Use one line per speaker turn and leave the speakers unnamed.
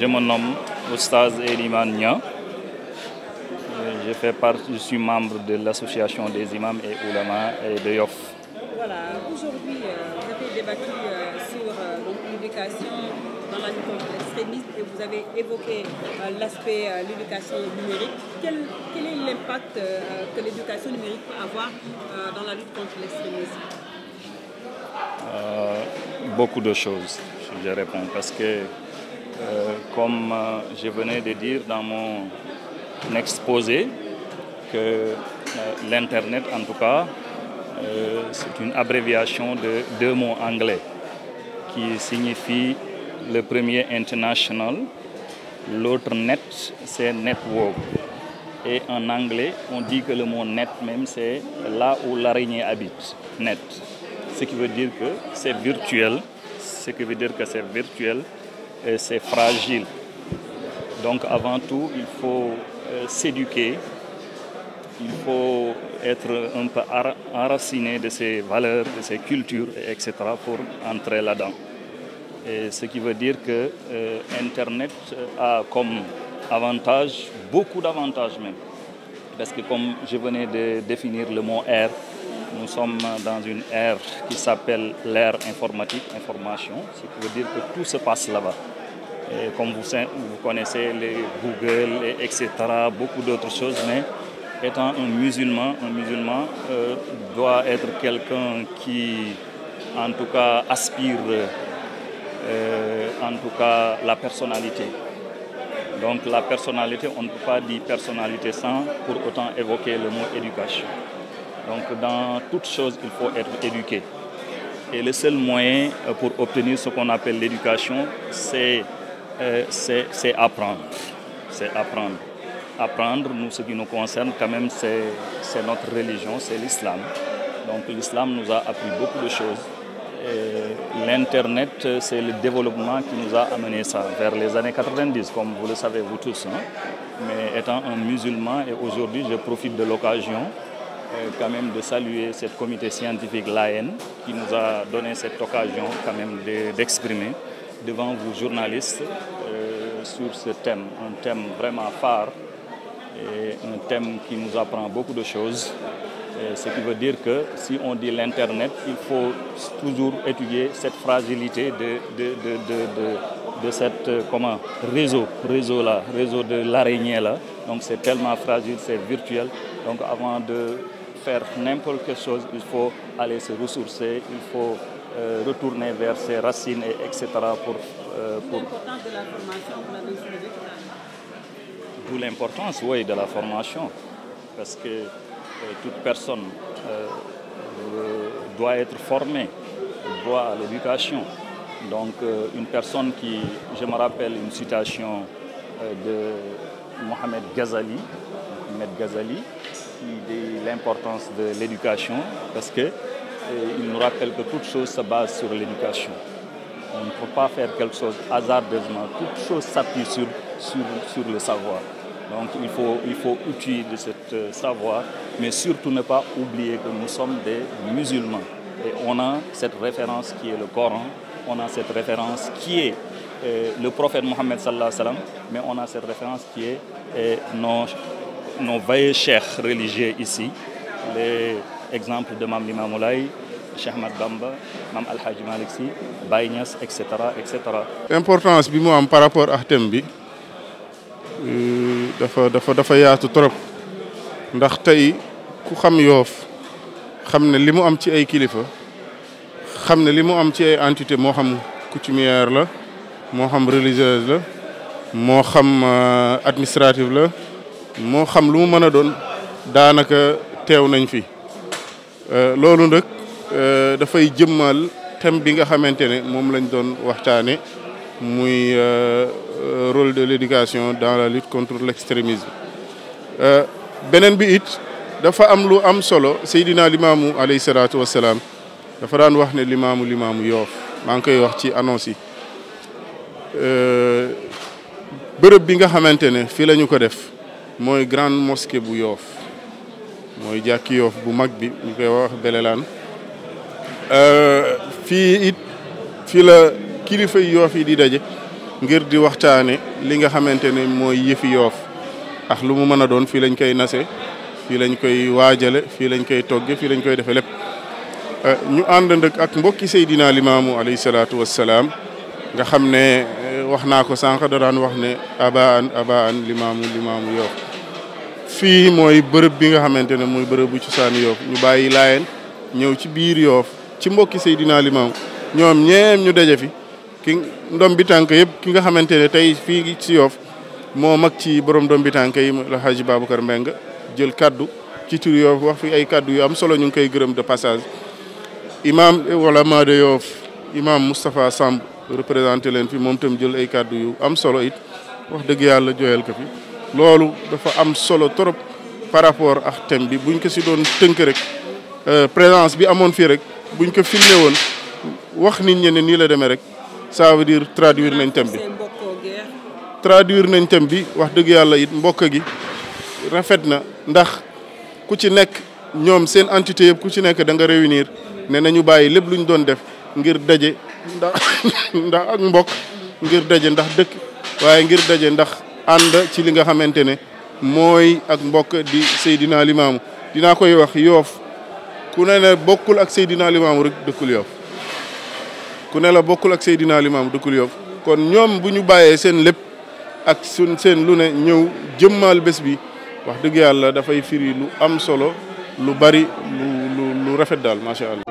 Je me nomme Oustaz Eliman euh, Je fais partie, je suis membre de l'association des imams et oulémas et de
Voilà, aujourd'hui euh, vous avez débattu euh, sur l'éducation dans la lutte contre l'extrémisme et vous avez évoqué l'éducation numérique. Quel, quel est l'impact que l'éducation numérique peut avoir dans la lutte contre l'extrémisme?
Euh, beaucoup de choses, je réponds, parce que Euh, comme euh, je venais de dire dans mon exposé, que euh, l'Internet, en tout cas, euh, c'est une abréviation de deux mots anglais qui signifie le premier international, l'autre net, c'est network. Et en anglais, on dit que le mot net même, c'est là où l'araignée habite, net. Ce qui veut c'est virtuel, c'est virtuel, et c'est fragile. Donc avant tout, il faut euh, s'éduquer, il faut être un peu enraciné de ses valeurs, de ses cultures, etc. pour entrer là-dedans. Et ce qui veut dire que euh, Internet a comme avantage, beaucoup d'avantages même. Parce que comme je venais de définir le mot air, nous sommes dans une ère qui s'appelle l'ère informatique, information, ce qui veut dire que tout se passe là-bas. Et comme vous, vous, connaissez les Google, et etc., beaucoup d'autres choses, mais étant un musulman, un musulman euh, doit être quelqu'un qui, en tout cas, aspire, euh, en tout cas, la personnalité. Donc la personnalité, on ne peut pas dire personnalité sans pour autant évoquer le mot éducation. Donc dans toute chose, il faut être éduqué. Et le seul moyen euh, pour obtenir ce qu'on appelle l'éducation, c'est euh, apprendre. C'est apprendre. Apprendre, nous, ce qui nous concerne quand même, c'est notre religion, c'est l'islam. Donc l'islam nous a appris beaucoup de choses. L'Internet, c'est le développement qui nous a amené ça, vers les années 90, comme vous le savez vous tous. Hein. Mais étant un et aujourd'hui, je profite de l'occasion Euh, quand même de saluer cette comité scientifique l'AN qui nous a donné cette occasion quand même d'exprimer de, devant vous journalistes euh, sur ce thème, un thème vraiment phare et un thème qui nous apprend beaucoup de choses. Et euh, ce qui veut dire que si on dit l'Internet, il faut toujours étudier cette fragilité de, de, de, de, de cette euh, comment, réseau, réseau là, réseau de l'araignée là. Donc c'est tellement fragile, c'est virtuel. Donc avant de faire n'importe quelle chose, il faut aller se ressourcer, il faut euh, retourner vers ses racines, et, etc. Pour, euh, pour...
L'importance de la formation, vous l'avez soulevé
D'où l'importance, oui, de la formation. Parce que euh, toute personne euh, euh, doit être formée, doit à l'éducation. Donc, euh, une personne qui, je me rappelle une citation de Mohamed Ghazali, Mohamed Ghazali, aussi de l'importance de l'éducation parce que euh, il nous rappelle que toute chose se base sur l'éducation. On ne peut pas faire quelque chose hasardeusement. Toute chose s'appuie sur, le savoir. Donc il faut, il faut utiliser ce euh, savoir, mais surtout ne pas oublier que nous sommes des musulmans. Et on a cette référence qui est le Coran, on a cette référence qui est euh, le prophète Mohammed sallallahu alayhi wa sallam, mais on a cette référence qui est euh, nos veilleux chefs religieux ici, les exemples de Mam Limamoulaye, Cheikh Ahmad Bamba, Mam Al Hadj Malick Sy, Baye et cetera et cetera.
importance bi mu am par rapport ak thème bi euh, dafa dafa dafa yaatu trop ndax tey ku xam yoof xam ne li mu am ci ay kilifa xam ne li mu am ci ay entité moo xam coutumière la moo xam religieuse la moo xam euh, administrative la. moo xam lu mu mën a doon daanaka teew nañ fi euh, loolu nag euh, dafay jëmmal thème bi nga xamante ne moom lañ doon waxtaane muy euh, rôle de l'éducation dans la lutte contre l'extrémisme beneen bi it dafa am lu am solo Seydina Limaamu alayhi salaatu wassalaam dafa daan wax ne limaamu limaamu yoof maa ngi koy wax ci annonce yi bërëb bi nga xamante ne fii la ñu ko def mooy grand mosquée bu yoof mooy jàkki yoof bu mag bi ñu koy wax Belelaan euh, fii it fii la kilifa yoof yi di daje ngir di waxtaane li nga xamante ne mooy yëfi yoof ak lu mu mën a doon fii lañ koy nase fii lañ koy waajale fii lañ koy togge fii lañ koy defe lépp euh, ñu ànd ndëk ak mbokki Seydina Limaamu alayhi salaatu wassalaam nga xam ne euh, wax naa ko sànq da daan wax ne abaan abaan limaamu limaamu yoof fii mooy bërëb bi nga xamante ne mooy bërëb bu cosaanu yoof ñu bàyyi laayeen ñëw ci biir yoof ci mbokki Seydina Limaamu ñoom ñeem ñu daje fi ki ndom bi tànk yëpp ki nga xamante ne tey fii ci yoof moo mag ci borom doom bi tànk yi la Hadji Babacar Mbengue jël kaddu ci tur yoof wax fi ay kaddu yu am solo ñu ngi koy gërëm dë passage imam ulama de yoof imaam Moustapha Samb représenté leen fi moom tam jël ay kaddu yu am solo it wax dëgg yàlla jooyal ko fi loolu dafa am solo trop par rapport ak thème bi buñ ko si doon tënk rek euh, présence bi amoon fii rek buñ ko filmé woon wax nit ñi ne nii la demee rek ça veut dire traduire nañ thème bi. traduire nañ thème bi wax dëgg yàlla it mbokk gi rafet na ndax ku ci nekk ñoom seen entité yëpp ku ci nekk da nga réunir ne nañu bàyyi lépp lu ñu doon def ngir daje ndax ndax ak mbokk ngir daje ndax dëkk waaye ngir daje ndax. ànd ci li nga xamante ne mooy ak mbokk di Seydina Limaamu dinaa koy wax yoof ku ne la bokkul ak Seydina Limaamu rek dëkkul yoof ku ne la bokkul ak Seydina Limaamu dëkkul yoof kon ñoom bu ñu bàyyee seen lépp ak sun seen lu ne ñëw jëmmaal bés bi wax dëgg yàlla dafay firi lu am solo lu bari lu rafet daal macha allah.